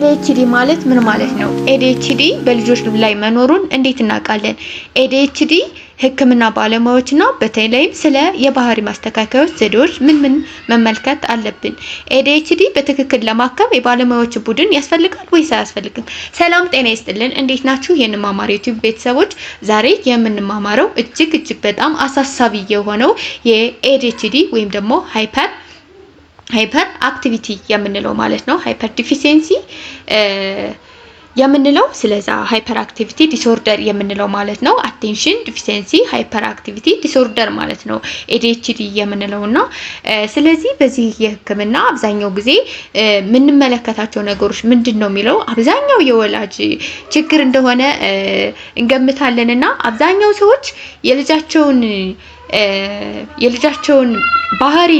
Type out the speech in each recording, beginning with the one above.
ኤዲኤችዲ ማለት ምን ማለት ነው? ኤዲኤችዲ በልጆች ላይ መኖሩን እንዴት እናውቃለን? ኤዲኤችዲ ሕክምና ባለሙያዎችና በተለይም ስለ የባህሪ ማስተካከያዎች ዘዴዎች ምን ምን መመልከት አለብን? ኤዲኤችዲ በትክክል ለማከም የባለሙያዎች ቡድን ያስፈልጋል ወይስ አያስፈልግም? ሰላም ጤና ይስጥልን። እንዴት ናችሁ? የንማማር ዩቲዩብ ቤተሰቦች፣ ዛሬ የምንማማረው እጅግ እጅግ በጣም አሳሳቢ የሆነው የኤዲኤችዲ ወይም ደግሞ ሃይፐር ሃይፐር አክቲቪቲ የምንለው ማለት ነው። ሃይፐር ዲፊሲንሲ የምንለው ስለዛ ሃይፐር አክቲቪቲ ዲስኦርደር የምንለው ማለት ነው። አቴንሽን ዲፊሲንሲ ሃይፐር አክቲቪቲ ዲስኦርደር ማለት ነው ኤዲኤችዲ የምንለው እና ስለዚህ በዚህ የህክምና አብዛኛው ጊዜ የምንመለከታቸው ነገሮች ምንድን ነው የሚለው አብዛኛው የወላጅ ችግር እንደሆነ እንገምታለን እና አብዛኛው ሰዎች የልጃቸውን የልጃቸውን ባህሪ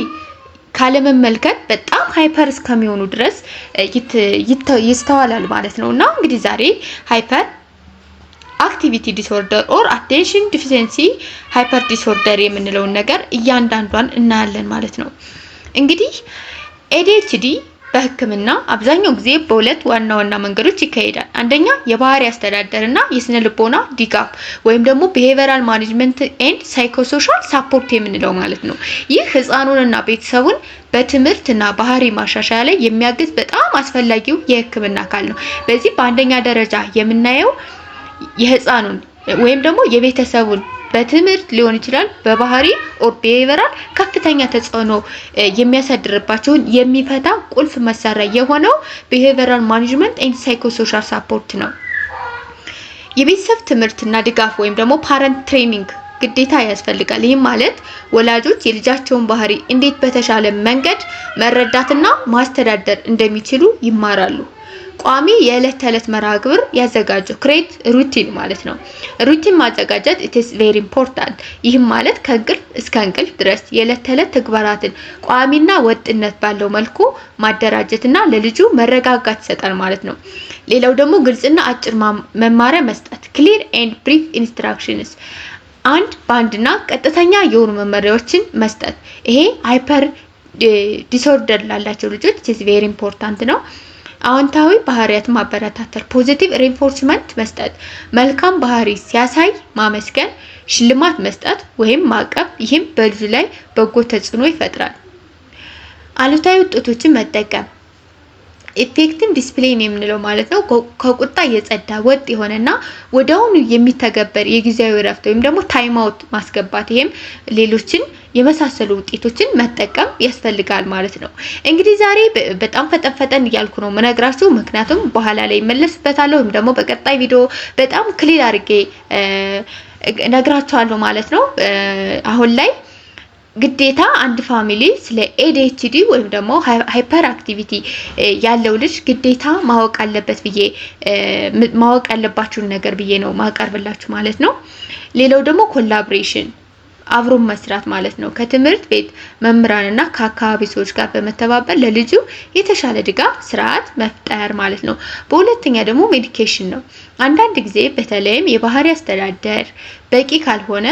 ካለመመልከት በጣም ሃይፐር እስከሚሆኑ ድረስ ይስተዋላል ማለት ነው። እና እንግዲህ ዛሬ ሃይፐር አክቲቪቲ ዲስኦርደር ኦር አቴንሽን ዲፊሸንሲ ሃይፐር ዲስኦርደር የምንለውን ነገር እያንዳንዷን እናያለን ማለት ነው። እንግዲህ ኤዲኤችዲ በህክምና አብዛኛው ጊዜ በሁለት ዋና ዋና መንገዶች ይካሄዳል። አንደኛ የባህሪ አስተዳደር እና የስነ ልቦና ዲጋፕ ወይም ደግሞ ቢሄቨራል ማኔጅመንት ኤንድ ሳይኮሶሻል ሳፖርት የምንለው ማለት ነው። ይህ ህፃኑንና ቤተሰቡን በትምህርትና ባህሪ ማሻሻያ ላይ የሚያግዝ በጣም አስፈላጊው የህክምና አካል ነው። በዚህ በአንደኛ ደረጃ የምናየው የህፃኑን ወይም ደግሞ የቤተሰቡን በትምህርት ሊሆን ይችላል፣ በባህሪ ኦር ቢሄቨራል ከፍተኛ ተጽዕኖ የሚያሳድርባቸውን የሚፈታ ቁልፍ መሳሪያ የሆነው ቢሄቨራል ማኔጅመንት ኤንድ ሳይኮሶሻል ሳፖርት ነው። የቤተሰብ ትምህርትና ድጋፍ ወይም ደግሞ ፓረንት ትሬኒንግ ግዴታ ያስፈልጋል። ይህም ማለት ወላጆች የልጃቸውን ባህሪ እንዴት በተሻለ መንገድ መረዳትና ማስተዳደር እንደሚችሉ ይማራሉ። ቋሚ የዕለት ተዕለት መርሃ ግብር ያዘጋጁ። ክሬት ሩቲን ማለት ነው። ሩቲን ማዘጋጀት ኢትስ ቬሪ ኢምፖርታንት። ይህም ማለት ከእንቅልፍ እስከ እንቅልፍ ድረስ የዕለት ተዕለት ተግባራትን ቋሚና ወጥነት ባለው መልኩ ማደራጀትና ለልጁ መረጋጋት ይሰጣል ማለት ነው። ሌላው ደግሞ ግልጽና አጭር መማሪያ መስጠት ክሊር ኤንድ ብሪፍ ኢንስትራክሽንስ አንድ በአንድና ቀጥተኛ የሆኑ መመሪያዎችን መስጠት ይሄ ሃይፐር ዲስኦርደር eh, ላላቸው ልጆች ኢትስ ቬሪ ኢምፖርታንት ነው። አዎንታዊ ባህሪያት ማበረታተር፣ ፖዚቲቭ ሪንፎርስመንት መስጠት፣ መልካም ባህሪ ሲያሳይ ማመስገን፣ ሽልማት መስጠት ወይም ማቀብ፣ ይህም በልጁ ላይ በጎ ተጽዕኖ ይፈጥራል። አሉታዊ ውጤቶችን መጠቀም ኢፌክቲቭ ዲስፕሌይን የምንለው ማለት ነው ከቁጣ የጸዳ ወጥ የሆነና ወዲያውኑ የሚተገበር የጊዜያዊ እረፍት ወይም ደግሞ ታይም አውት ማስገባት ይሄም ሌሎችን የመሳሰሉ ውጤቶችን መጠቀም ያስፈልጋል ማለት ነው። እንግዲህ ዛሬ በጣም ፈጠን ፈጠን እያልኩ ነው ምነግራችሁ፣ ምክንያቱም በኋላ ላይ መለስበታለሁ ወይም ደግሞ በቀጣይ ቪዲዮ በጣም ክሊር አድርጌ ነግራችኋለሁ ማለት ነው አሁን ላይ ግዴታ አንድ ፋሚሊ ስለ ኤዲኤችዲ ወይም ደግሞ ሃይፐር አክቲቪቲ ያለው ልጅ ግዴታ ማወቅ አለበት ብዬ ማወቅ ያለባችሁን ነገር ብዬ ነው ማቀርብላችሁ ማለት ነው። ሌላው ደግሞ ኮላብሬሽን አብሮ መስራት ማለት ነው። ከትምህርት ቤት መምህራንና ከአካባቢ ሰዎች ጋር በመተባበር ለልጁ የተሻለ ድጋፍ ስርዓት መፍጠር ማለት ነው። በሁለተኛ ደግሞ ሜዲኬሽን ነው። አንዳንድ ጊዜ በተለይም የባህሪ አስተዳደር በቂ ካልሆነ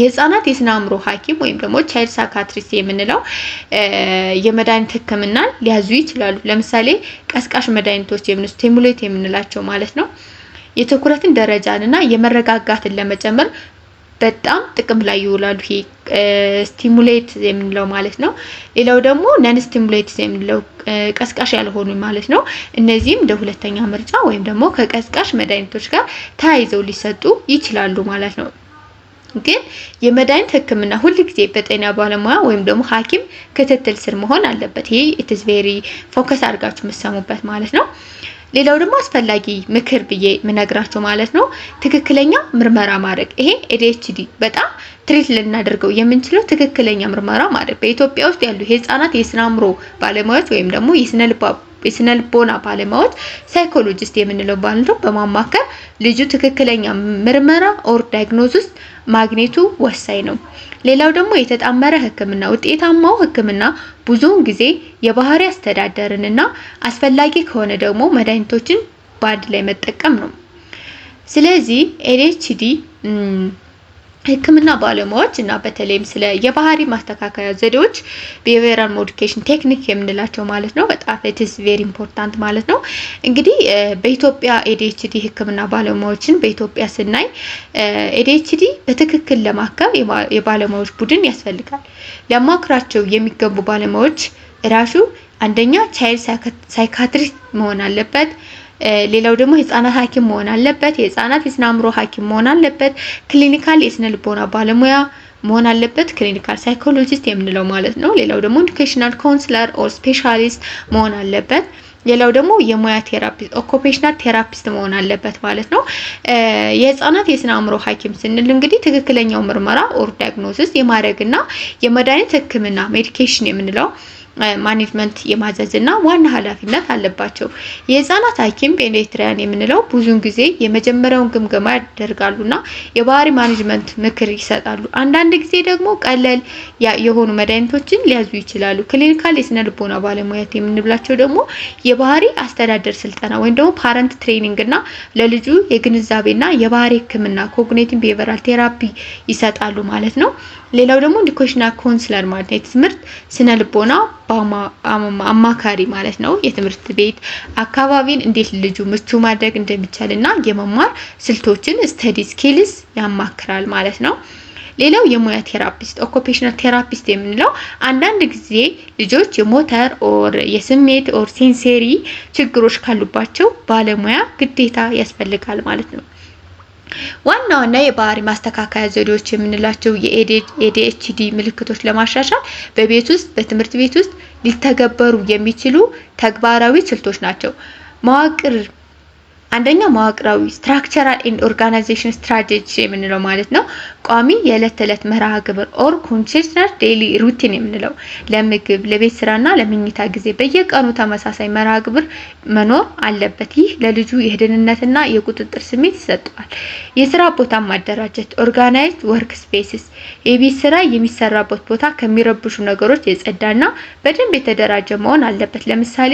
የህፃናት የስነ አእምሮ ሐኪም ወይም ደግሞ ቻይልድ ሳይካትሪስት የምንለው የመድኃኒት ህክምናን ሊያዙ ይችላሉ። ለምሳሌ ቀስቃሽ መድኃኒቶች የምን ስቲሙሌት የምንላቸው ማለት ነው። የትኩረትን ደረጃን እና የመረጋጋትን ለመጨመር በጣም ጥቅም ላይ ይውላሉ። ይሄ ስቲሙሌት የምንለው ማለት ነው። ሌላው ደግሞ ነን ስቲሙሌት የምንለው ቀስቃሽ ያልሆኑ ማለት ነው። እነዚህም እንደ ሁለተኛ ምርጫ ወይም ደግሞ ከቀስቃሽ መድኃኒቶች ጋር ተያይዘው ሊሰጡ ይችላሉ ማለት ነው። ግን የመድኃኒት ህክምና ሁል ጊዜ በጤና ባለሙያ ወይም ደግሞ ሐኪም ክትትል ስር መሆን አለበት። ይሄ ኢትስ ቬሪ ፎከስ አድርጋችሁ የምትሰሙበት ማለት ነው። ሌላው ደግሞ አስፈላጊ ምክር ብዬ የምነግራቸው ማለት ነው ትክክለኛ ምርመራ ማድረግ። ይሄ ኤዲኤችዲ በጣም ትሪት ልናደርገው የምንችለው ትክክለኛ ምርመራ ማድረግ። በኢትዮጵያ ውስጥ ያሉ የህፃናት የስነ አእምሮ ባለሙያዎች ወይም ደግሞ የስነ ልቦና ባለሙያዎች ሳይኮሎጂስት የምንለው ባለሙያ በማማከር ልጁ ትክክለኛ ምርመራ ኦር ዳይግኖሲስ ማግኘቱ ወሳኝ ነው። ሌላው ደግሞ የተጣመረ ህክምና ውጤታማው ህክምና ብዙውን ጊዜ የባህሪ አስተዳደርን እና አስፈላጊ ከሆነ ደግሞ መድኃኒቶችን በአንድ ላይ መጠቀም ነው። ስለዚህ ኤድኤችዲ ሕክምና ባለሙያዎች እና በተለይም ስለ የባህሪ ማስተካከያ ዘዴዎች ቢሄቪየራል ሞዲፊኬሽን ቴክኒክ የምንላቸው ማለት ነው። በጣም ኢትስ ቬሪ ኢምፖርታንት ማለት ነው። እንግዲህ በኢትዮጵያ ኤዲኤችዲ ሕክምና ባለሙያዎችን በኢትዮጵያ ስናይ ኤዲኤችዲ በትክክል ለማከም የባለሙያዎች ቡድን ያስፈልጋል። ሊያማክራቸው የሚገቡ ባለሙያዎች ራሱ አንደኛ ቻይልድ ሳይካትሪስት መሆን አለበት። ሌላው ደግሞ የህፃናት ሐኪም መሆን አለበት። የህፃናት የስነ አእምሮ ሐኪም መሆን አለበት። ክሊኒካል የስነ ልቦና ባለሙያ መሆን አለበት። ክሊኒካል ሳይኮሎጂስት የምንለው ማለት ነው። ሌላው ደግሞ ኢዱኬሽናል ካውንስለር ኦር ስፔሻሊስት መሆን አለበት። ሌላው ደግሞ የሙያ ቴራፒስት ኦኩፔሽናል ቴራፒስት መሆን አለበት ማለት ነው። የህፃናት የስነ አእምሮ ሐኪም ስንል እንግዲህ ትክክለኛው ምርመራ ኦር ዳያግኖሲስ የማድረግና የመድኃኒት ህክምና ሜዲኬሽን የምንለው ማኔጅመንት የማዘዝ እና ዋና ኃላፊነት አለባቸው። የህፃናት ሐኪም ፔዲያትሪያን የምንለው ብዙውን ጊዜ የመጀመሪያውን ግምገማ ያደርጋሉና የባህሪ ማኔጅመንት ምክር ይሰጣሉ። አንዳንድ ጊዜ ደግሞ ቀለል የሆኑ መድኃኒቶችን ሊያዙ ይችላሉ። ክሊኒካል የስነ ልቦና ባለሙያት የምንብላቸው ደግሞ የባህሪ አስተዳደር ስልጠና ወይም ደግሞ ፓረንት ትሬኒንግ እና ለልጁ የግንዛቤና የባህሪ ህክምና ኮግኒቲቭ ቢሄቨራል ቴራፒ ይሰጣሉ ማለት ነው። ሌላው ደግሞ ዲኮሽና ኮንስለር ማለት ነው የትምህርት ስነ ልቦና አማካሪ ማለት ነው። የትምህርት ቤት አካባቢን እንዴት ልጁ ምቹ ማድረግ እንደሚቻልና የመማር ስልቶችን ስተዲ ስኪልስ ያማክራል ማለት ነው። ሌላው የሙያ ቴራፒስት ኦኩፔሽናል ቴራፒስት የምንለው አንዳንድ ጊዜ ልጆች የሞተር ኦር የስሜት ኦር ሴንሴሪ ችግሮች ካሉባቸው ባለሙያ ግዴታ ያስፈልጋል ማለት ነው። ዋና ዋና የባህሪ ማስተካከያ ዘዴዎች የምንላቸው የኤዲኤችዲ ምልክቶች ለማሻሻል በቤት ውስጥ በትምህርት ቤት ውስጥ ሊተገበሩ የሚችሉ ተግባራዊ ስልቶች ናቸው። መዋቅር አንደኛው መዋቅራዊ ስትራክቸራል ኢን ኦርጋናይዜሽን ስትራቴጂ የምንለው ማለት ነው። ቋሚ የዕለት ተዕለት መርሃ ግብር ኦር ኮንሲስተንት ዴይሊ ሩቲን የምንለው ለምግብ፣ ለቤት ስራና ለመኝታ ጊዜ በየቀኑ ተመሳሳይ መርሃ ግብር መኖር አለበት። ይህ ለልጁ የደህንነትና የቁጥጥር ስሜት ይሰጠዋል። የስራ ቦታ ማደራጀት ኦርጋናይዝድ ወርክ ስፔስስ፣ የቤት ስራ የሚሰራበት ቦታ ከሚረብሹ ነገሮች የጸዳና በደንብ የተደራጀ መሆን አለበት። ለምሳሌ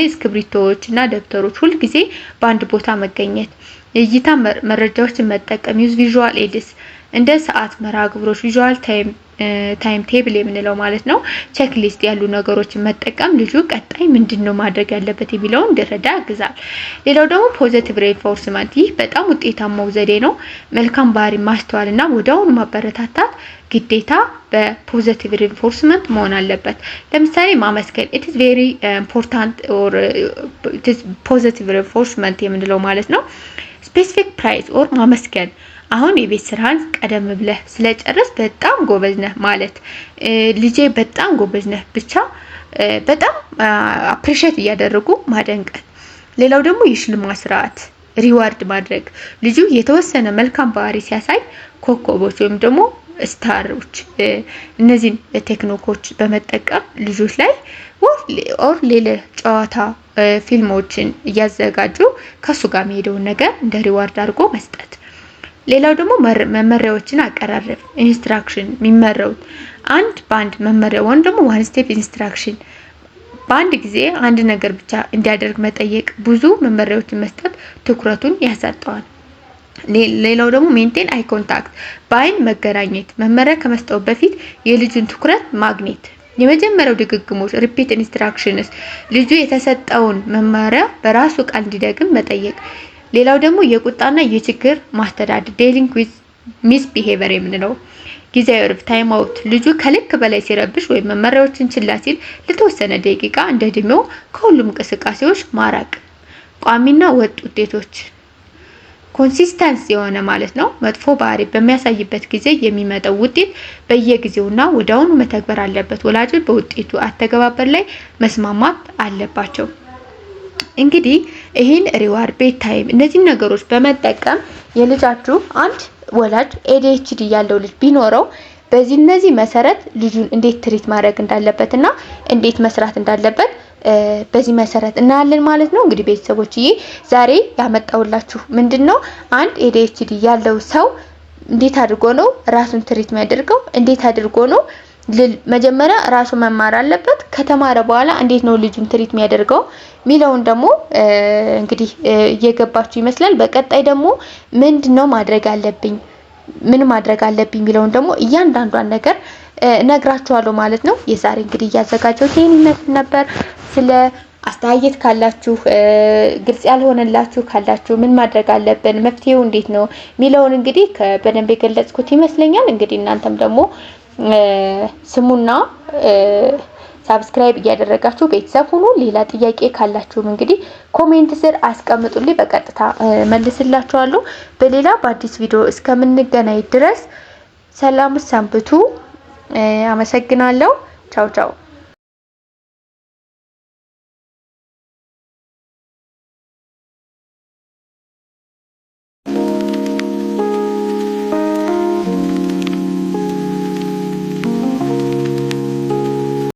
እና ደብተሮች ሁልጊዜ በአንድ ቦታ መገኘት የእይታ መረጃዎችን መጠቀም ዩዝ ቪዥዋል ኤድስ እንደ ሰዓት መርሃ ግብሮች ቪዥዋል ታይም ቴብል የምንለው ማለት ነው። ቼክ ሊስት ያሉ ነገሮችን መጠቀም ልጁ ቀጣይ ምንድን ነው ማድረግ ያለበት የሚለውን እንዲረዳ ያግዛል። ሌላው ደግሞ ፖዘቲቭ ሬንፎርስመንት፣ ይህ በጣም ውጤታማው ዘዴ ነው። መልካም ባህሪ ማስተዋል እና ወደአሁኑ ማበረታታት ግዴታ በፖዘቲቭ ሬንፎርስመንት መሆን አለበት። ለምሳሌ ማመስገን ኢትስ ቬሪ ኢምፖርታንት ኦር ፖዘቲቭ ሪንፎርስመንት የምንለው ማለት ነው። ስፔሲፊክ ፕራይዝ ኦር ማመስገን አሁን የቤት ስራን ቀደም ብለህ ስለጨረስ በጣም ጎበዝ ነህ ማለት ልጄ በጣም ጎበዝ ነህ ብቻ በጣም አፕሪሼት እያደረጉ ማደንቀን ሌላው ደግሞ የሽልማት ስርዓት ሪዋርድ ማድረግ ልጁ የተወሰነ መልካም ባህሪ ሲያሳይ ኮከቦች ወይም ደግሞ ስታሮች እነዚህን ቴክኒኮች በመጠቀም ልጆች ላይ ኦር ሌላ ጨዋታ ፊልሞችን እያዘጋጁ ከእሱ ጋር የሚሄደውን ነገር እንደ ሪዋርድ አድርጎ መስጠት። ሌላው ደግሞ መመሪያዎችን አቀራረብ፣ ኢንስትራክሽን የሚመራውት አንድ በአንድ መመሪያ ወይም ደግሞ ዋን ስቴፕ ኢንስትራክሽን በአንድ ጊዜ አንድ ነገር ብቻ እንዲያደርግ መጠየቅ፣ ብዙ መመሪያዎችን መስጠት ትኩረቱን ያሳጠዋል። ሌላው ደግሞ ሜንቴን አይ ኮንታክት በአይን መገናኘት፣ መመሪያ ከመስጠው በፊት የልጁን ትኩረት ማግኘት። የመጀመሪያው ድግግሞች ሪፒት ኢንስትራክሽንስ፣ ልጁ የተሰጠውን መመሪያ በራሱ ቃል እንዲደግም መጠየቅ። ሌላው ደግሞ የቁጣና የችግር ማስተዳደር ዴሊንግ ዊዝ ሚስ ቢሄቨር የምንለው ጊዜያዊ እርፍ ታይም አውት ልጁ ከልክ በላይ ሲረብሽ ወይም መመሪያዎችን ችላ ሲል ለተወሰነ ደቂቃ እንደ እድሜው ከሁሉም እንቅስቃሴዎች ማራቅ። ቋሚና ወጥ ውጤቶች ኮንሲስተንስ የሆነ ማለት ነው መጥፎ ባህሪ በሚያሳይበት ጊዜ የሚመጣው ውጤት በየጊዜውና ወዲያውኑ መተግበር አለበት። ወላጆች በውጤቱ አተገባበር ላይ መስማማት አለባቸው። እንግዲህ ይህን ሪዋርድ ቤት ታይም እነዚህ ነገሮች በመጠቀም የልጃችሁ አንድ ወላጅ ኤዲኤችዲ ያለው ልጅ ቢኖረው በዚህ እነዚህ መሰረት ልጁን እንዴት ትሪት ማድረግ እንዳለበትና እንዴት መስራት እንዳለበት በዚህ መሰረት እናያለን ማለት ነው። እንግዲህ ቤተሰቦችዬ ዛሬ ያመጣውላችሁ ምንድን ነው አንድ ኤዲኤችዲ ያለው ሰው እንዴት አድርጎ ነው ራሱን ትሪት የሚያደርገው? እንዴት አድርጎ ነው መጀመሪያ ራሱ መማር አለበት። ከተማረ በኋላ እንዴት ነው ልጁን ትሪት የሚያደርገው ሚለውን ደግሞ እንግዲህ እየገባችሁ ይመስላል። በቀጣይ ደግሞ ምንድን ነው ማድረግ አለብኝ፣ ምን ማድረግ አለብኝ ሚለውን ደግሞ እያንዳንዷን ነገር እነግራችኋለሁ ማለት ነው። የዛሬ እንግዲህ እያዘጋጀሁት ይህን ይመስል ነበር። ስለ አስተያየት ካላችሁ ግልጽ ያልሆነላችሁ ካላችሁ ምን ማድረግ አለብን፣ መፍትሄው እንዴት ነው የሚለውን እንግዲህ በደንብ የገለጽኩት ይመስለኛል። እንግዲህ እናንተም ደግሞ ስሙና ሳብስክራይብ እያደረጋችሁ ቤተሰብ ሁኑ። ሌላ ጥያቄ ካላችሁም እንግዲህ ኮሜንት ስር አስቀምጡልኝ፣ በቀጥታ መልስላችኋለሁ። በሌላ በአዲስ ቪዲዮ እስከምንገናኝ ድረስ ሰላም ሰንብቱ። አመሰግናለሁ። ቻው ቻው።